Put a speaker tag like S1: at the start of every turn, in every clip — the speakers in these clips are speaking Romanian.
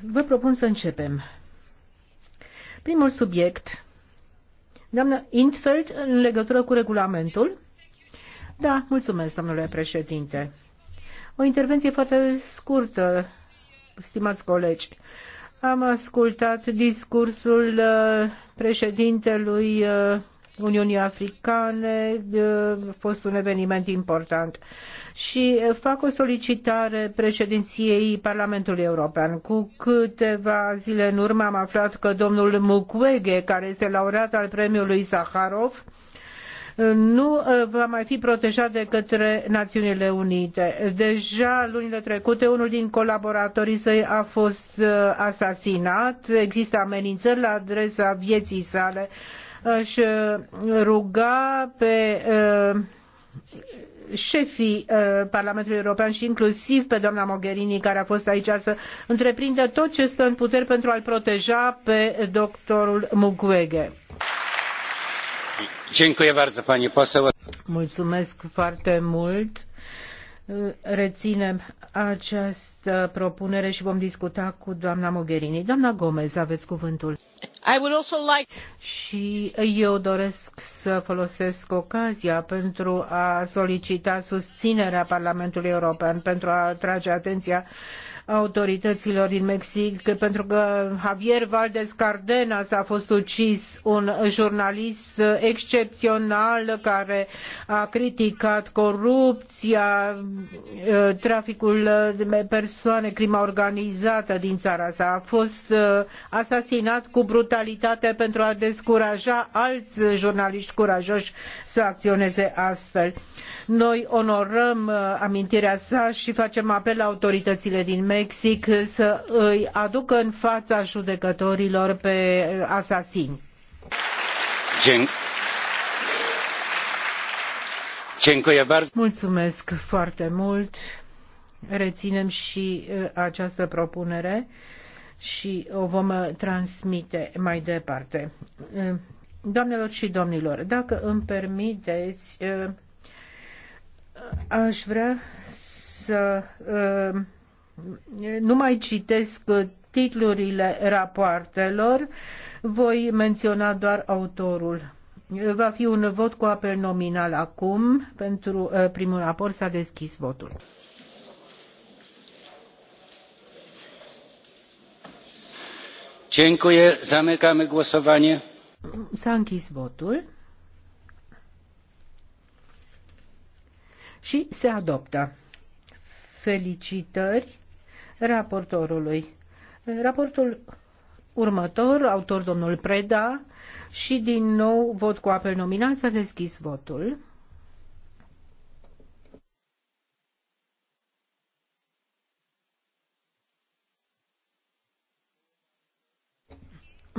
S1: Vă propun să începem. Primul subiect, doamnă Intfeld, în legătură cu regulamentul. Da, mulțumesc, domnule președinte. O intervenție foarte scurtă, stimați colegi. Am ascultat discursul uh, președintelui uh, Uniunii Africane a fost un eveniment important. Și fac o solicitare președinției Parlamentului European. Cu câteva zile în urmă am aflat că domnul Mukwege, care este laureat al premiului Zaharov, nu va mai fi protejat de către Națiunile Unite. Deja lunile trecute, unul din colaboratorii săi a fost asasinat, există amenințări la adresa vieții sale aș uh, ruga pe uh, șefii uh, Parlamentului European și inclusiv pe doamna Mogherini care a fost aici să întreprindă tot ce stă în puteri pentru a-l proteja pe doctorul Mukwege. Mulțumesc foarte mult. Reținem această propunere și vom discuta cu doamna Mogherini. Doamna Gomez, aveți cuvântul. I would also like... Și eu doresc să folosesc ocazia pentru a solicita susținerea Parlamentului European pentru a atrage atenția autorităților din Mexic, pentru că Javier Valdez Cardenas a fost ucis, un jurnalist excepțional care a criticat corupția, traficul de persoane, crima organizată din țara sa. A fost uh, asasinat cu brutalitate fiscalitate pentru a descuraja alți jurnaliști curajoși să acționeze astfel. Noi onorăm uh, amintirea sa și facem apel la autoritățile din Mexic să îi aducă în fața judecătorilor pe asasini. Gen. Mulțumesc foarte mult. Reținem și uh, această propunere și o vom uh, transmite mai departe. Uh, doamnelor și domnilor, dacă îmi permiteți, uh, aș vrea să nu mai citesc titlurile rapoartelor, voi menționa doar autorul. Va fi un vot cu apel nominal acum. Pentru primul raport s-a deschis votul. S-a închis votul și se adoptă. Felicitări raportorului. Raportul următor, autor domnul Preda, și din nou vot cu apel nominal, s-a deschis votul.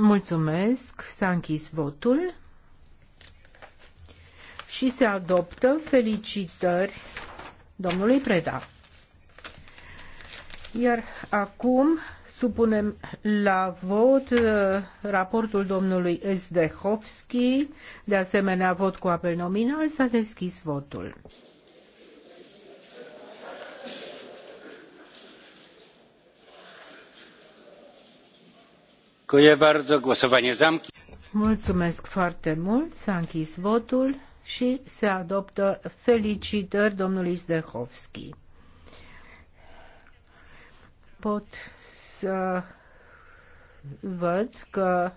S1: Mulțumesc. S-a închis votul. Și se adoptă. Felicitări domnului Preda. Iar acum supunem la vot uh, raportul domnului Ezdehovski. De asemenea, vot cu apel nominal. S-a deschis votul. Mulțumesc foarte mult, s-a închis votul și se adoptă felicitări domnului Zdehovski. Pot să văd că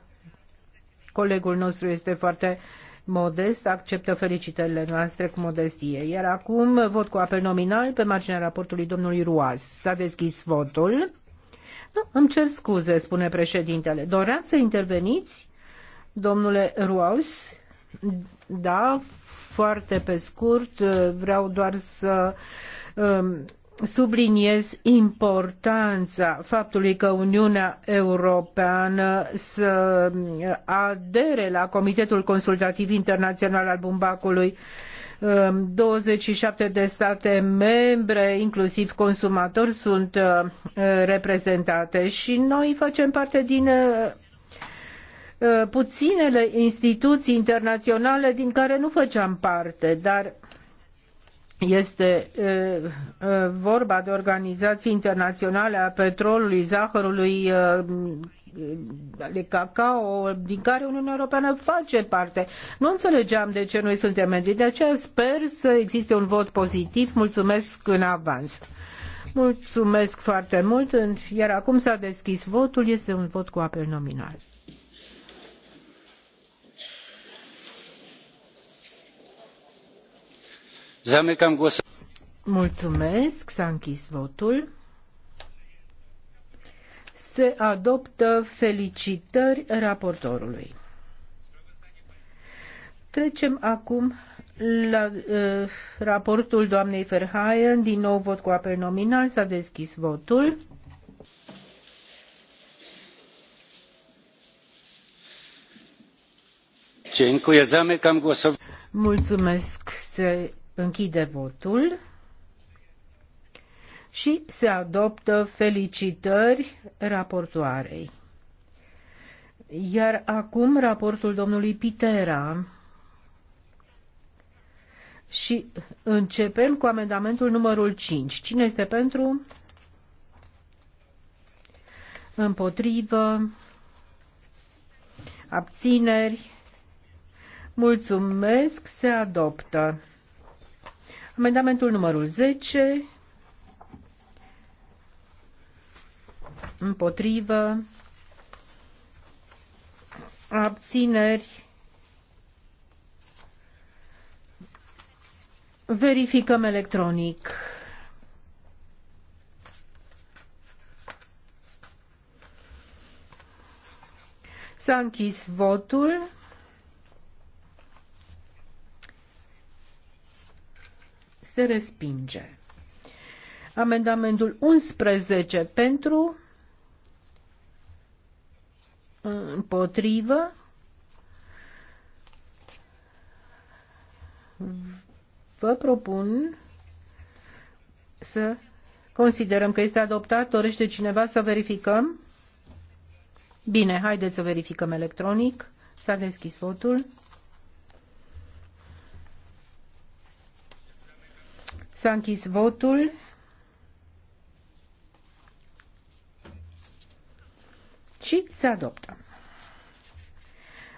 S1: colegul nostru este foarte modest, acceptă felicitările noastre cu modestie. Iar acum vot cu apel nominal pe marginea raportului domnului Ruas. S-a deschis votul. Nu, îmi cer scuze, spune președintele. Doreați să interveniți, domnule Ruaus? Da, foarte pe scurt. Vreau doar să um, subliniez importanța faptului că Uniunea Europeană să adere la Comitetul Consultativ Internațional al Bumbacului uh, 27 ehm, de state membre, inclusiv consumatori, sunt ehm, reprezentate și noi facem parte din ehm, puținele instituții internaționale din care nu făceam parte, dar este vorba de organizații internaționale a petrolului, zahărului, de cacao, din care Uniunea Europeană face parte. Nu înțelegeam de ce noi suntem membri, de aceea sper să existe un vot pozitiv. Mulțumesc în avans. Mulțumesc foarte mult, iar acum s-a deschis votul, este un vot cu apel nominal. Mulțumesc, s-a închis votul se adoptă felicitări raportorului. Trecem acum la uh, raportul doamnei Verhaen, din nou vot cu apel nominal, s-a deschis votul. Mulțumesc, se închide votul și se adoptă felicitări raportoarei. Iar acum raportul domnului Pitera. Și începem cu amendamentul numărul 5. Cine este pentru? Împotrivă? Abțineri? Mulțumesc, se adoptă. Amendamentul numărul 10. împotrivă, abțineri, verificăm electronic. S-a închis votul. Se respinge. Amendamentul 11 pentru, Împotrivă. Vă propun să considerăm că este adoptat. Dorește cineva să verificăm? Bine, haideți să verificăm electronic. S-a deschis votul. S-a închis votul. și se adoptă.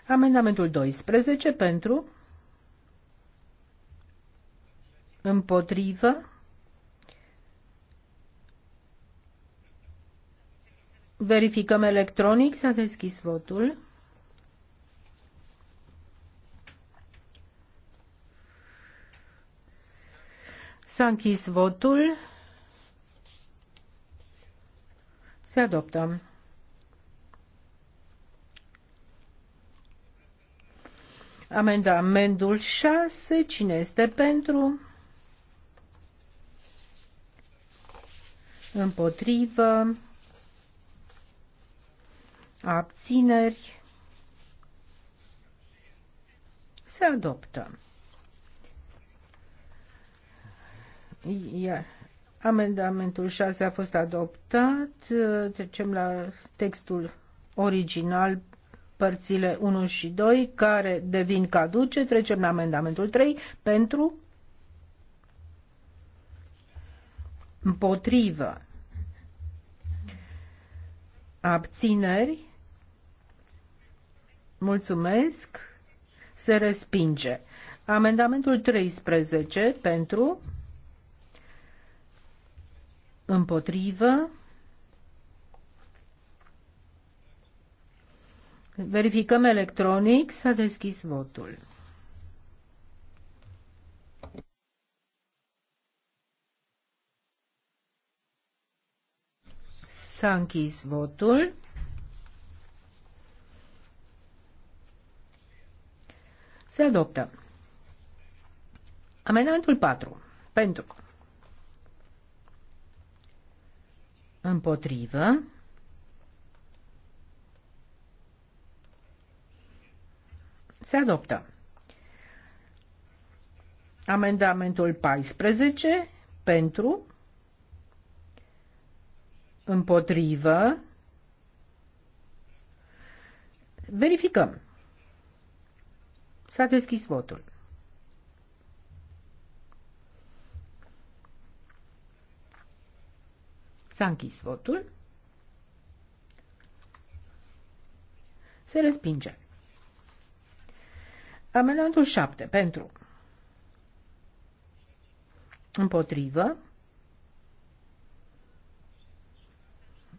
S1: Amendamentul 12 pentru împotrivă Verificăm electronic, s-a deschis votul. S-a închis votul. Se adoptă. Amendamentul 6. Cine este pentru? Împotrivă. Abțineri. Se adoptă. Iar amendamentul 6 a fost adoptat. Trecem la textul original părțile 1 și 2 care devin caduce. Trecem la amendamentul 3 pentru împotrivă abțineri. Mulțumesc. Se respinge. Amendamentul 13 pentru împotrivă Verificăm electronic. S-a deschis votul. S-a închis votul. Se adoptă. Amendamentul 4. Pentru. Împotrivă. Se adoptă. Amendamentul 14 pentru, împotrivă, verificăm. S-a deschis votul. S-a închis votul. Se respinge. Amendamentul 7 pentru. Împotrivă.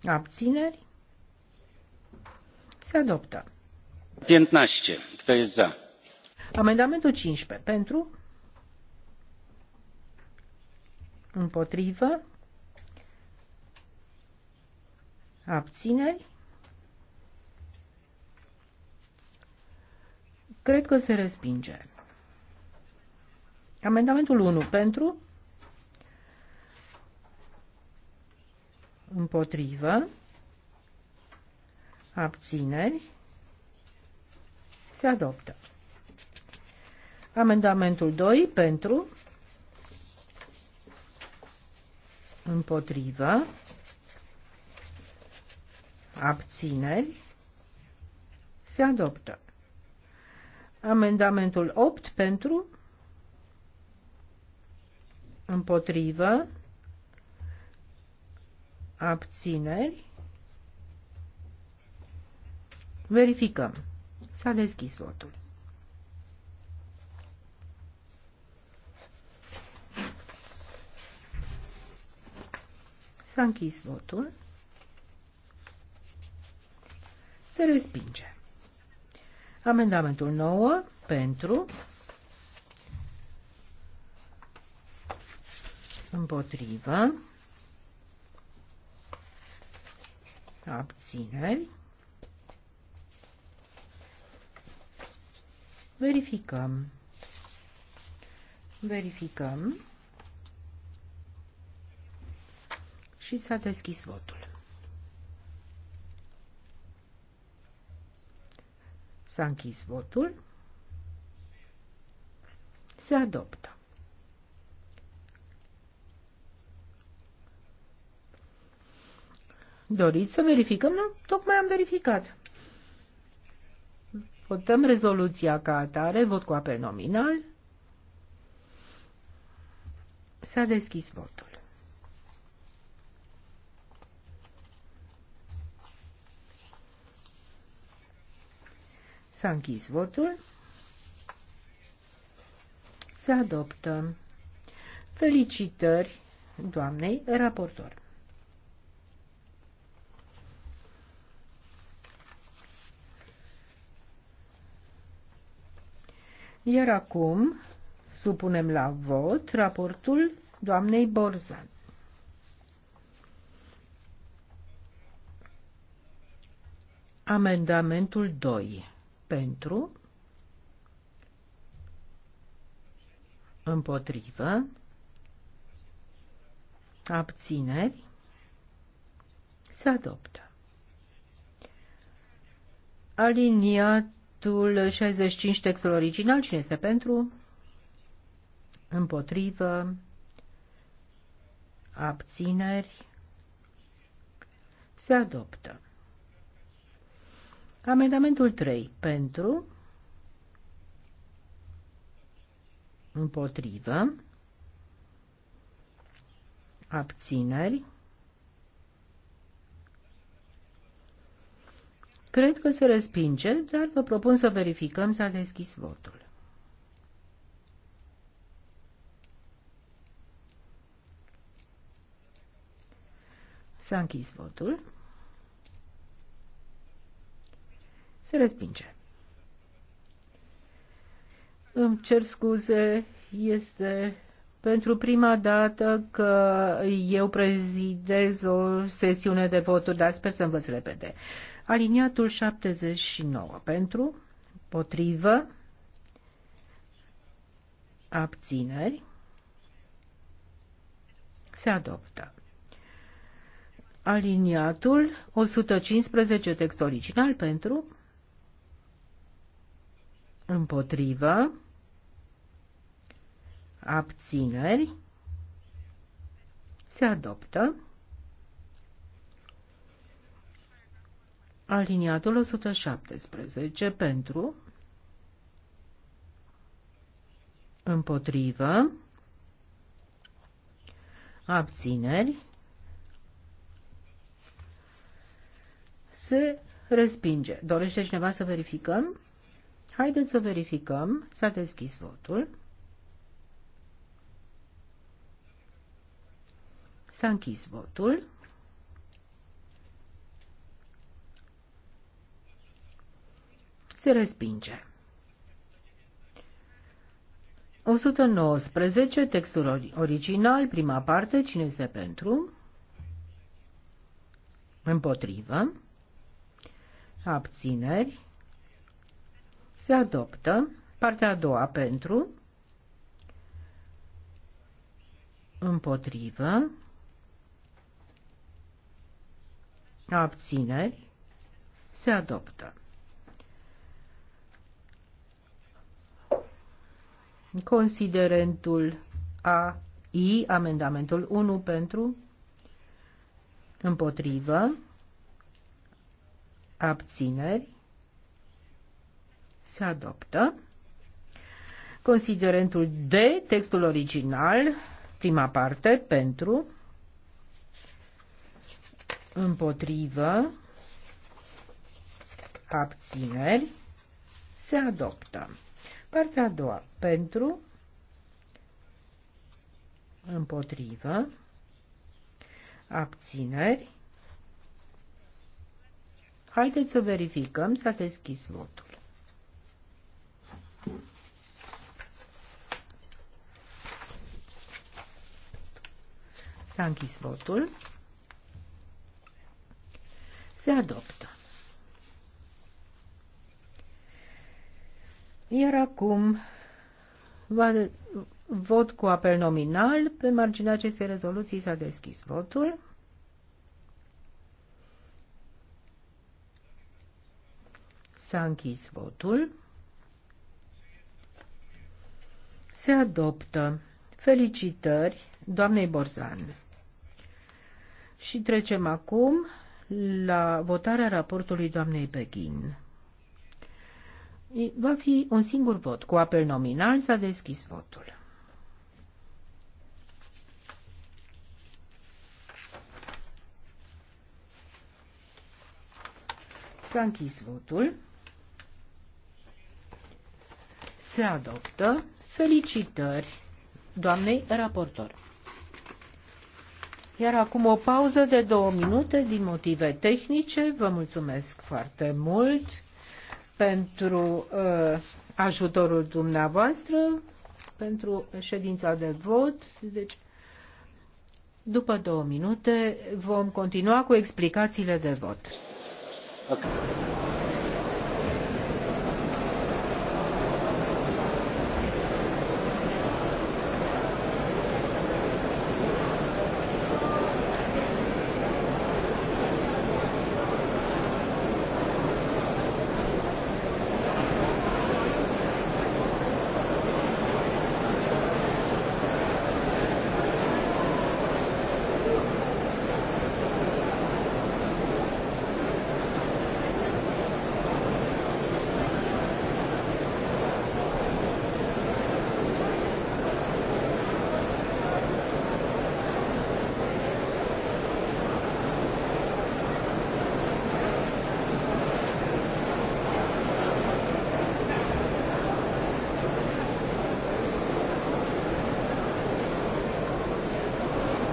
S1: Abțineri. Se adoptă. 15. Kto jest za? Amendamentul 15 pentru. Împotrivă. Abțineri. Cred că se respinge. Amendamentul 1 pentru, împotrivă, abțineri, se adoptă. Amendamentul 2 pentru, împotrivă, abțineri, se adoptă. Amendamentul 8 pentru, împotrivă, abțineri. Verificăm. S-a deschis votul. S-a închis votul. Se respinge. Amendamentul 9 pentru, împotrivă, abțineri. Verificăm. Verificăm. Și s-a deschis votul. S-a închis votul. Se adoptă. Doriți să verificăm? Nu, tocmai am verificat. Votăm rezoluția ca atare, vot cu apel nominal. S-a deschis votul. S-a închis votul. Se adoptă. Felicitări doamnei raportor. Iar acum supunem la vot raportul doamnei Borzan. Amendamentul 2 pentru, împotrivă, abțineri, se adoptă. Aliniatul 65, textul original, cine este pentru? Împotrivă, abțineri, se adoptă. Amendamentul 3 pentru, împotrivă, abțineri. Cred că se respinge, dar vă propun să verificăm s-a deschis votul. S-a închis votul. Se respinge. Îmi cer scuze, este pentru prima dată că eu prezidez o sesiune de voturi, dar sper să învăț repede. Aliniatul 79 pentru, potrivă, abțineri, se adoptă. Aliniatul 115 text original pentru, împotrivă, abțineri, se adoptă. Aliniatul 117 pentru, împotrivă, abțineri, se respinge. Dorește cineva să verificăm? Haideți să verificăm. S-a deschis votul. S-a închis votul. Se respinge. 119, textul original, prima parte, cine este pentru? Împotrivă. Abțineri. Se adoptă. Partea a doua pentru. Împotrivă. Abțineri. Se adoptă. Considerentul A. I. Amendamentul 1 pentru. Împotrivă. Abțineri se adoptă. Considerentul D, textul original, prima parte, pentru, împotrivă, abțineri, se adoptă. Partea a doua, pentru, împotrivă, abțineri. Haideți să verificăm, s-a deschis votul. S-a închis votul. Se adoptă. Iar acum va, vot cu apel nominal. Pe marginea acestei rezoluții s-a deschis votul. S-a închis votul. Se adoptă. Felicitări doamnei Borzan. Și trecem acum la votarea raportului doamnei Beghin. Va fi un singur vot. Cu apel nominal s-a deschis votul. S-a închis votul. Se adoptă. Felicitări doamnei raportor. Iar acum o pauză de două minute din motive tehnice. Vă mulțumesc foarte mult pentru uh, ajutorul dumneavoastră, pentru ședința de vot. Deci, după două minute vom continua cu explicațiile de vot. Okay.